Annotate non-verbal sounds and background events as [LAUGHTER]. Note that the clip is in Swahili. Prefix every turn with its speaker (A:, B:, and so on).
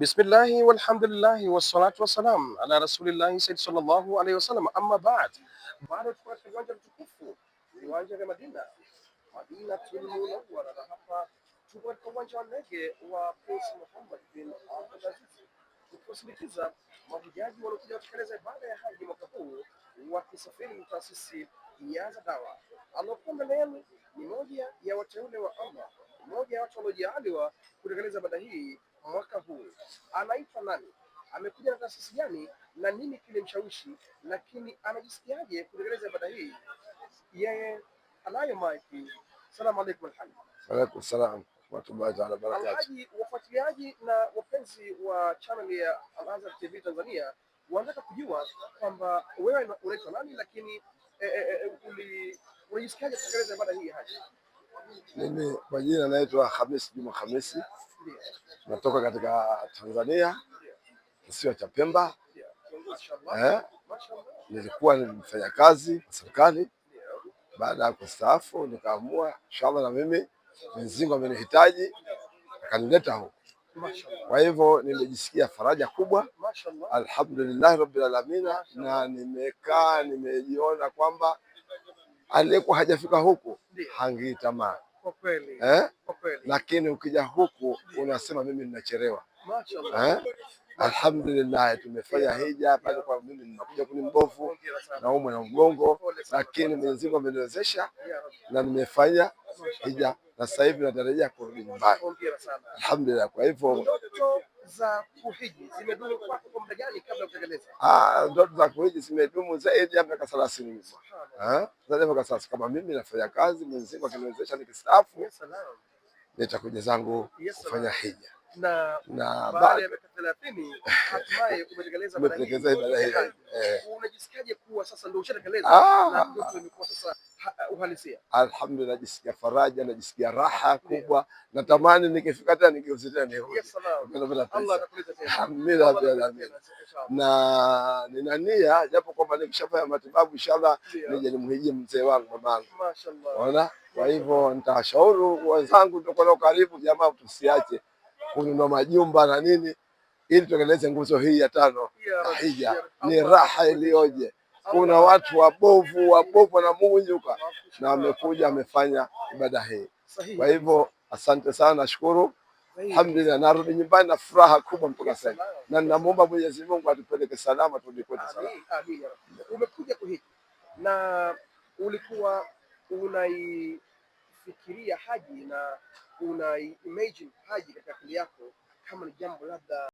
A: Bismillahi walhamdulillahi wassalatu wassalam ala rasulillahi sayyid sallallahu alaihi wasallam, amma baad. Bado tuko katika viwanja mtukufu, viwanja vya Madina, Madinatul Munawwara, na hapa tuko katika uwanja wa ndege wa Prince Muhammad bin Abdulaziz, tukiwasindikiza mahujaji waliokuja kutekeleza ibada ya haji mwaka huu, wakisafiri na taasisi ya Dawa. Aliokuwa mbele yenu ni moja ya wateule wa Allah, mmoja ya watu waliojaaliwa kutekeleza ibada hii mwaka huu anaitwa nani, amekuja na taasisi gani na nini kilimshawishi, lakini anajisikiaje kutekeleza ibada hii? Yeye anayo maiki. Salamu alaikum.
B: Waalaikum salam warahmatullahi taala wabarakatuh.
A: Alhaji, wafuatiliaji na wapenzi wa channel ya Al Azhar TV Tanzania wanataka kujua kwamba wewe unaitwa nani, lakini eh, eh, eh, unajisikiaje kutekeleza ibada hii haji?
B: Mimi kwa jina naitwa hamis Juma Hamisi, natoka katika Tanzania, kisiwa cha Pemba. Eh, nilikuwa nimfanya kazi serikali, baada ya kustaafu nikaamua inshallah, na mimi mzingo amenihitaji akanileta huko. Kwa hivyo nimejisikia faraja kubwa, alhamdulillahi rabbil alamina, na nimekaa nimejiona kwamba aliyekuwa hajafika huku hangiitamaa eh? Lakini ukija huku unasema mimi ninachelewa eh? Alhamdulillah, tumefanya hija pale kwa mimi ninakuja kuni mbovu umwe na mgongo, lakini Mwenyezi Mungu ameniwezesha na nimefanya hija na sasa hivi natarajia kurudi nyumbani. Alhamdulillah. Kwa
A: hivyo za kuhiji zimedumu kwa muda gani?
B: Ah, ndoto za kuhiji zimedumu zaidi ya miaka thelathini hizi zaidi Kama mimi nafanya kazi, Mwenyezi Mungu akiniwezesha nikistaafu, nitakuja zangu kufanya hija
A: na baada ya miaka thelathini hatimaye
B: umetekeleza [LAUGHS] ibada hii.
A: Eh. Unajisikiaje kuwa sasa ndio ushatekeleza ah. na ndoto imekuwa sasa uhalisia?
B: Alhamdulillah, najisikia faraja, najisikia raha kubwa, natamani nikifika tena nigeuze tena nirudi. Na nina nia japo kwamba nikishafanya matibabu inshallah nije nimhiji mzee wangu mamangu, unaona. Kwa hivyo nitawashauri wenzangu, tutakuwa nao karibu. Jamaa, tusiache kununua majumba na nini ili tuendeleze nguzo hii ya tano hija. Ni raha iliyoje! kuna watu wabovu wabovu wanamugunyuka na amekuja amefanya ibada hii. Kwa hivyo asante sana, nashukuru alhamdulillah, narudi nyumbani na furaha kubwa mpaka sasa, na ninamuomba Mwenyezi Mungu atupeleke salama, turudi kwetu salama.
A: Umekuja kuhiji na ulikuwa unaifikiria haji na una imagine haji katika akili yako kama ni jambo labda